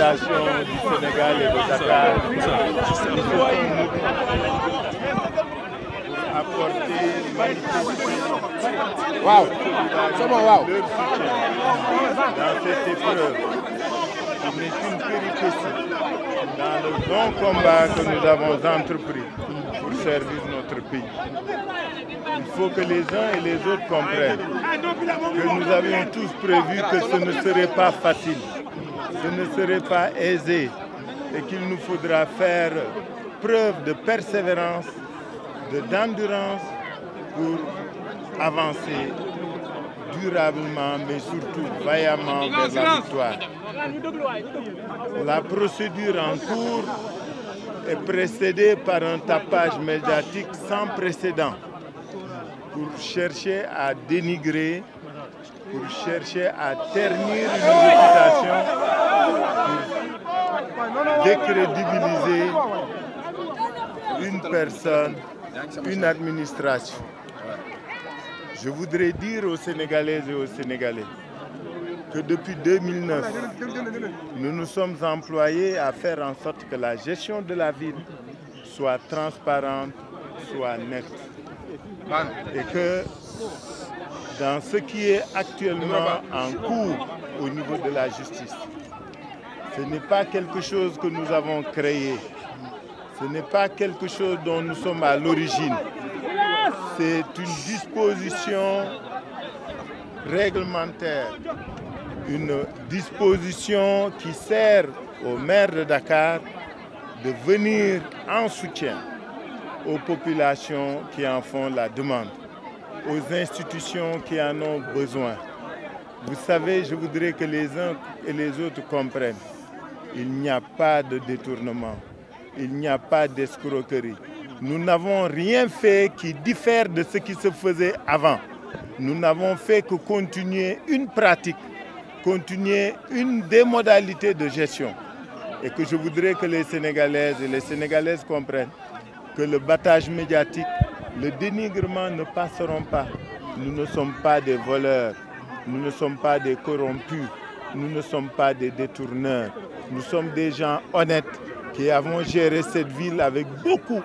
population du Sénégal et de Dakar pour apporter wow. leur soutien dans cette épreuve dans le bon combat que nous avons entrepris pour servir notre pays. Il faut que les uns et les autres comprennent que nous avions tous prévu que ce ne serait pas facile ce ne serait pas aisé et qu'il nous faudra faire preuve de persévérance, d'endurance pour avancer durablement mais surtout vaillamment vers la victoire. La procédure en cours est précédée par un tapage médiatique sans précédent pour chercher à dénigrer, pour chercher à ternir une réputation décrédibiliser une personne, une administration. Je voudrais dire aux Sénégalaises et aux Sénégalais que depuis 2009, nous nous sommes employés à faire en sorte que la gestion de la ville soit transparente, soit nette. Et que dans ce qui est actuellement en cours au niveau de la justice. Ce n'est pas quelque chose que nous avons créé. Ce n'est pas quelque chose dont nous sommes à l'origine. C'est une disposition réglementaire, une disposition qui sert au maire de Dakar de venir en soutien aux populations qui en font la demande, aux institutions qui en ont besoin. Vous savez, je voudrais que les uns et les autres comprennent. Il n'y a pas de détournement. Il n'y a pas d'escroquerie. Nous n'avons rien fait qui diffère de ce qui se faisait avant. Nous n'avons fait que continuer une pratique, continuer une des modalités de gestion. Et que je voudrais que les Sénégalaises et les Sénégalaises comprennent que le battage médiatique, le dénigrement ne passeront pas. Nous ne sommes pas des voleurs. Nous ne sommes pas des corrompus, nous ne sommes pas des détourneurs. Nous sommes des gens honnêtes qui avons géré cette ville avec beaucoup,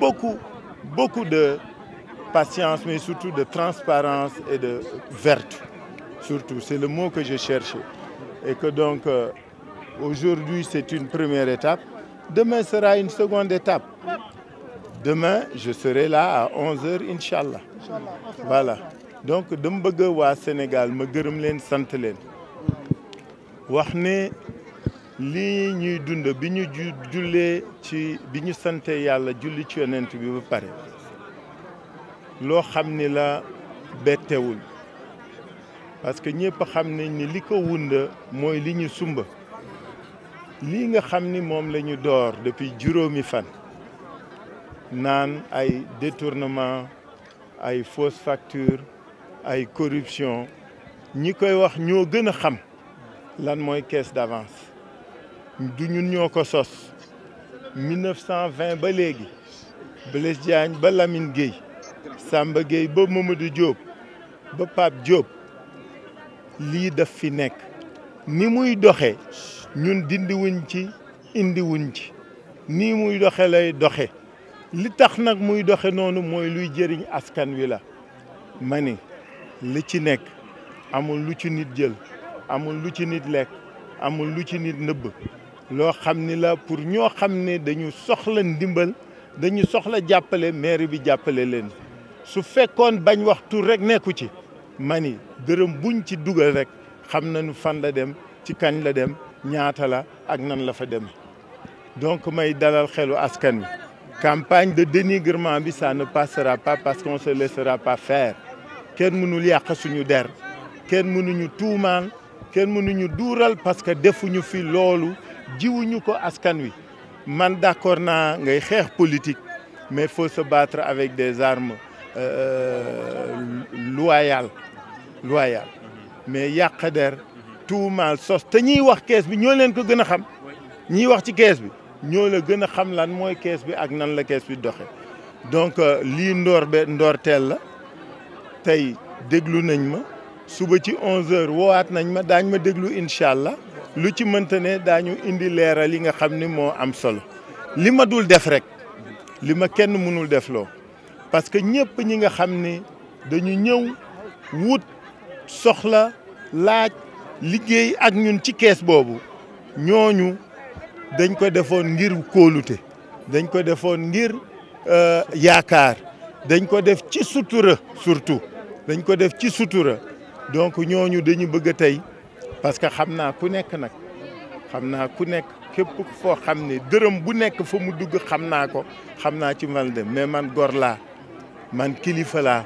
beaucoup, beaucoup de patience, mais surtout de transparence et de vertu. Surtout, c'est le mot que je cherchais. Et que donc, euh, aujourd'hui, c'est une première étape. Demain sera une seconde étape. Demain, je serai là à 11h, Inch'Allah. Voilà donc dama bëgg waa Sénégal ma gërëm leen sant leen wax ne li ñuy dund biñu ñu ci biñu santé yalla julli ci yonent bi ba paré lo xamni la bettewul parce que ñepp xamni ni li ko wunda mooy li sumba lii nga xamni mom lañu dor depuis juróomi fan Nan ay détournement ay fausses factures ay corruption ñi koy wax ñoo gën a xam lan mooy caisse d'avance du ñun ñoo ko sos 1920 ba léegi Blaise Diagne ba Lamine Guèye Samba Guèye ba Mamadou Diop ba Pape Diop lii daf fi nekk ni muy doxe ñun dindiwuñ ci indiwuñ ci nii muy doxe lay doxe li tax nag muy doxe noonu mooy luy jëriñ askan wi la ma li ci nekk amul lu ci nit jël amul lu ci nit lekk amul lu ci nit nëbb loo xam ni la pour ñoo xam ne dañu soxla ndimbal dañu soxla jàppale maire bi jàppale leen su fekkoon bañ waxtu rek nekku ci ma dërëm buñ ci dugal rek xam nañu fan la dem ci kañ la dem ñaata la ak nan la fa dem donc may dalal xelu askan campagne de dénigrement bi ça ne passera pas parce qu'on se laissera pas faire kenn mënul suñu der nous parce que defuñu fi ne jiwuñu ko askan wi man d'accord na ngay politique mais faut se battre avec des armes euh, euh, loyales loyales mais yàq der tuumal sos te ñi wax caisse bi ñoo ko gëna xam ñi wax ci caisse bi la xam lan moy caisse bi ak nan la bi donc euh, li ndor be tey déglu nañ ma suba ci 11 wowaat nañ ma daañ ma déglu incha allah lu ci mënta ne daañu indi leeral yi nga xam ni moo am solo li ma dul def rek li ma kenn mënul def loo parce que ñëpp ñi nga xam ni dañu ñëw wut soxla laaj liggéey ak ñun ci kees boobu ñooñu dañ ko defoon ngir kóolute dañ ko defoon ngir euh, yaakaar dañ ko def ci sutura surtout dañ ko def ci sutura donc ñooñu dañu bëgg tey parce que xam naa ku nekk nag xam naa ku nekk képp foo xam ne dërëm bu nekk fa mu dugg xam naa ko xam naa ci dem mais man gor laa man kilifa la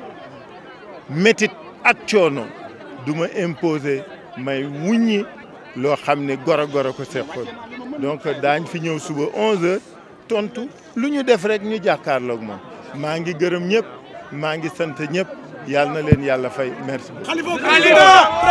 métit ak coono du ma imposer may wuññi loo xam ne goro goro ko seqoon donc daañ fi ñëw suba 11h tontu lu ñu def rek ñu jàkkaarloog moom. maa ngi gërëm ñëpp maa ngi sant ñëpp yàlla na leen yàlla fay merci beaucoup.